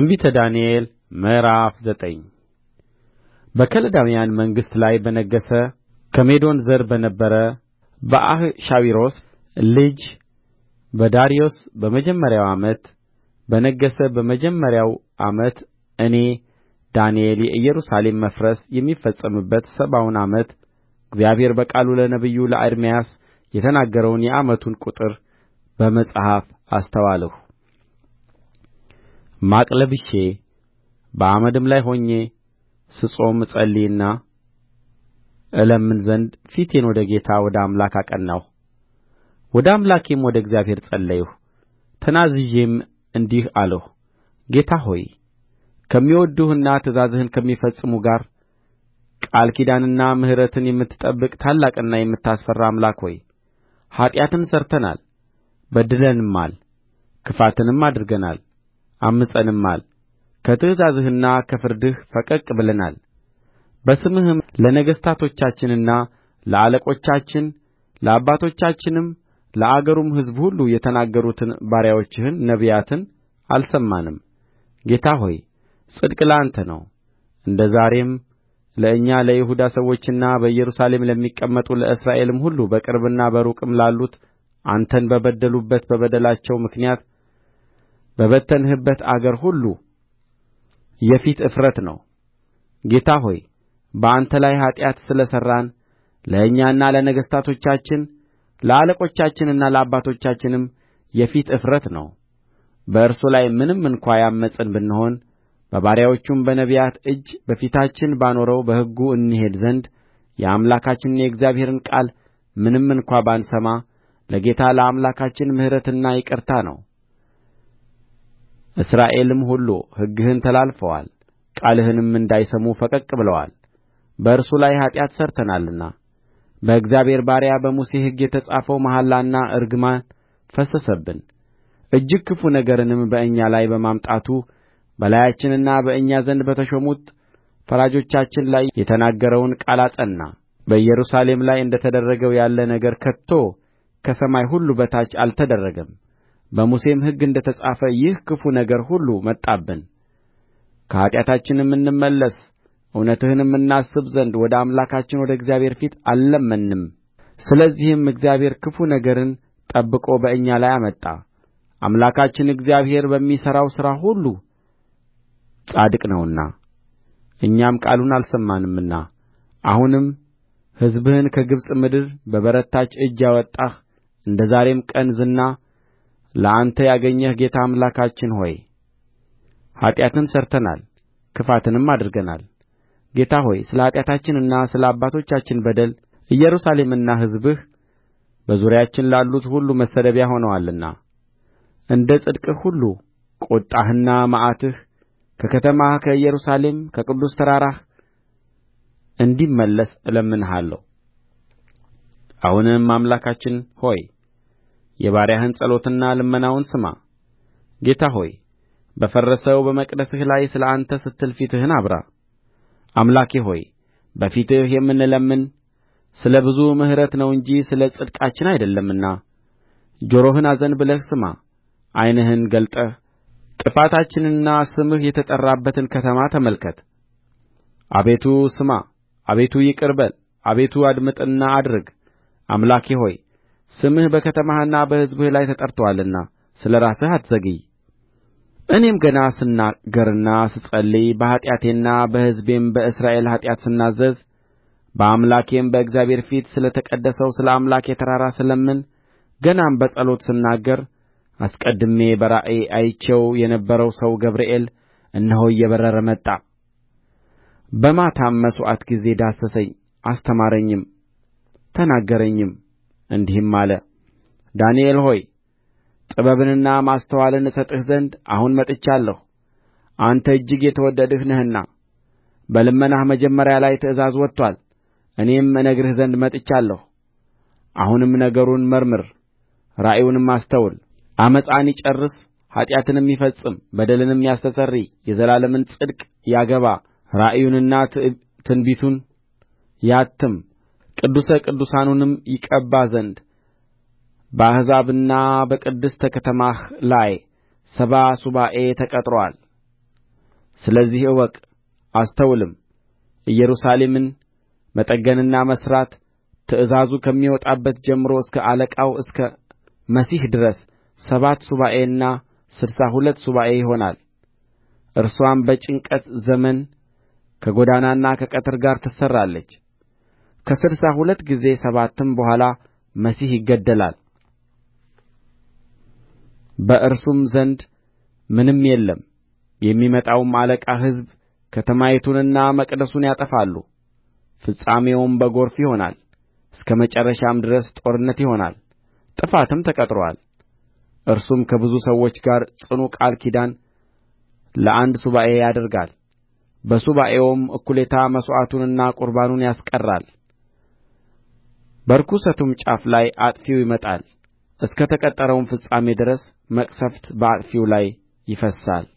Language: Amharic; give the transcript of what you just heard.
ትንቢተ ዳንኤል ምዕራፍ ዘጠኝ በከለዳውያን መንግሥት ላይ በነገሠ ከሜዶን ዘር በነበረ በአሕሻዊሮስ ልጅ በዳርዮስ በመጀመሪያው ዓመት በነገሠ በመጀመሪያው ዓመት እኔ ዳንኤል የኢየሩሳሌም መፍረስ የሚፈጸምበት ሰባውን ዓመት እግዚአብሔር በቃሉ ለነቢዩ ለኤርምያስ የተናገረውን የዓመቱን ቍጥር በመጽሐፍ አስተዋልሁ ማቅ ለብሼ በአመድም ላይ ሆኜ ስጾም እጸልይና እለምን ዘንድ ፊቴን ወደ ጌታ ወደ አምላክ አቀናሁ ወደ አምላኬም ወደ እግዚአብሔር ጸለይሁ ተናዝዤም እንዲህ አልሁ ጌታ ሆይ ከሚወድዱህና ትእዛዝህን ከሚፈጽሙ ጋር ቃል ኪዳንንና ምሕረትን የምትጠብቅ ታላቅና የምታስፈራ አምላክ ሆይ ኃጢአትን ሠርተናል በድለንማል ክፋትንም አድርገናል ዐምፀንማል ከትእዛዝህና ከፍርድህ ፈቀቅ ብለናል በስምህም ለነገሥታቶቻችንና ለአለቆቻችን ለአባቶቻችንም ለአገሩም ሕዝብ ሁሉ የተናገሩትን ባሪያዎችህን ነቢያትን አልሰማንም ጌታ ሆይ ጽድቅ ለአንተ ነው እንደ ዛሬም ለእኛ ለይሁዳ ሰዎችና በኢየሩሳሌም ለሚቀመጡ ለእስራኤልም ሁሉ በቅርብና በሩቅም ላሉት አንተን በበደሉበት በበደላቸው ምክንያት በበተንህበት አገር ሁሉ የፊት እፍረት ነው ጌታ ሆይ በአንተ ላይ ኃጢአት ስለ ሠራን ለእኛና ለነገሥታቶቻችን ለአለቆቻችንና ለአባቶቻችንም የፊት እፍረት ነው በእርሱ ላይ ምንም እንኳ ያመፅን ብንሆን በባሪያዎቹም በነቢያት እጅ በፊታችን ባኖረው በሕጉ እንሄድ ዘንድ የአምላካችንን የእግዚአብሔርን ቃል ምንም እንኳ ባንሰማ ለጌታ ለአምላካችን ምሕረትና ይቅርታ ነው እስራኤልም ሁሉ ሕግህን ተላልፈዋል ቃልህንም እንዳይሰሙ ፈቀቅ ብለዋል በእርሱ ላይ ኃጢአት ሠርተናልና በእግዚአብሔር ባሪያ በሙሴ ሕግ የተጻፈው መሐላና እርግማን ፈሰሰብን እጅግ ክፉ ነገርንም በእኛ ላይ በማምጣቱ በላያችንና በእኛ ዘንድ በተሾሙት ፈራጆቻችን ላይ የተናገረውን ቃል አጸና በኢየሩሳሌም ላይ እንደ ተደረገው ያለ ነገር ከቶ ከሰማይ ሁሉ በታች አልተደረገም በሙሴም ሕግ እንደ ተጻፈ ይህ ክፉ ነገር ሁሉ መጣብን ከኃጢአታችንም እንመለስ እውነትህንም እናስብ ዘንድ ወደ አምላካችን ወደ እግዚአብሔር ፊት አልለመንም ስለዚህም እግዚአብሔር ክፉ ነገርን ጠብቆ በእኛ ላይ አመጣ አምላካችን እግዚአብሔር በሚሠራው ሥራ ሁሉ ጻድቅ ነውና እኛም ቃሉን አልሰማንምና አሁንም ሕዝብህን ከግብጽ ምድር በበረታች እጅ ያወጣህ እንደ ዛሬም ቀን ዝና ለአንተ ያገኘህ ጌታ አምላካችን ሆይ ኃጢአትን ሠርተናል ክፋትንም አድርገናል ጌታ ሆይ ስለ ኃጢአታችንና ስለ አባቶቻችን በደል ኢየሩሳሌምና ሕዝብህ በዙሪያችን ላሉት ሁሉ መሰደቢያ ሆነዋልና እንደ ጽድቅህ ሁሉ ቍጣህና መዓትህ ከከተማህ ከኢየሩሳሌም ከቅዱስ ተራራህ እንዲመለስ እለምንሃለሁ አሁንም አምላካችን ሆይ የባሪያህን ጸሎትና ልመናውን ስማ ጌታ ሆይ በፈረሰው በመቅደስህ ላይ ስለ አንተ ስትል ፊትህን አብራ አምላኬ ሆይ በፊትህ የምንለምን ስለ ብዙ ምሕረት ነው እንጂ ስለ ጽድቃችን አይደለምና ጆሮህን አዘንብለህ ስማ ዓይንህን ገልጠህ ጥፋታችንና ስምህ የተጠራበትን ከተማ ተመልከት አቤቱ ስማ አቤቱ ይቅር በል አቤቱ አድምጥና አድርግ አምላኬ ሆይ ስምህ በከተማህና በሕዝብህ ላይ ተጠርቶአልና ስለ ራስህ አትዘግይ እኔም ገና ስናገርና ስጸልይ በኃጢአቴና በሕዝቤም በእስራኤል ኃጢአት ስናዘዝ በአምላኬም በእግዚአብሔር ፊት ስለ ተቀደሰው ስለ አምላኬ ተራራ ስለምን ገናም በጸሎት ስናገር አስቀድሜ በራእይ አይቼው የነበረው ሰው ገብርኤል እነሆ እየበረረ መጣ በማታም መሥዋዕት ጊዜ ዳሰሰኝ አስተማረኝም ተናገረኝም እንዲህም አለ ዳንኤል ሆይ ጥበብንና ማስተዋልን እሰጥህ ዘንድ አሁን መጥቻለሁ አንተ እጅግ የተወደድህ ነህና በልመናህ መጀመሪያ ላይ ትእዛዝ ወጥቶአል እኔም እነግርህ ዘንድ መጥቻለሁ አሁንም ነገሩን መርምር ራእዩንም አስተውል ዓመፃን ይጨርስ ኃጢአትንም ይፈጽም በደልንም ያስተሰርይ የዘላለምን ጽድቅ ያገባ ራእዩንና ትንቢቱን ያትም ቅዱሰ ቅዱሳኑንም ይቀባ ዘንድ በአሕዛብና በቅድስተ ከተማህ ላይ ሰባ ሱባዔ ተቀጥሮአል። ስለዚህ እወቅ አስተውልም፣ ኢየሩሳሌምን መጠገንና መሥራት ትእዛዙ ከሚወጣበት ጀምሮ እስከ አለቃው እስከ መሲሕ ድረስ ሰባት ሱባዔና ስድሳ ሁለት ሱባዔ ይሆናል። እርሷም በጭንቀት ዘመን ከጎዳናና ከቅጥር ጋር ትሠራለች። ከስድሳ ሁለት ጊዜ ሰባትም በኋላ መሲሕ ይገደላል በእርሱም ዘንድ ምንም የለም የሚመጣውም አለቃ ሕዝብ ከተማይቱንና መቅደሱን ያጠፋሉ ፍጻሜውም በጐርፍ ይሆናል እስከ መጨረሻም ድረስ ጦርነት ይሆናል ጥፋትም ተቀጥሮአል እርሱም ከብዙ ሰዎች ጋር ጽኑ ቃል ኪዳን ለአንድ ሱባዔ ያደርጋል በሱባዔውም እኩሌታ መሥዋዕቱንና ቁርባኑን ያስቀራል በርኵሰቱም ጫፍ ላይ አጥፊው ይመጣል እስከ ተቈረጠውም ፍጻሜ ድረስ መቅሠፍት በአጥፊው ላይ ይፈስሳል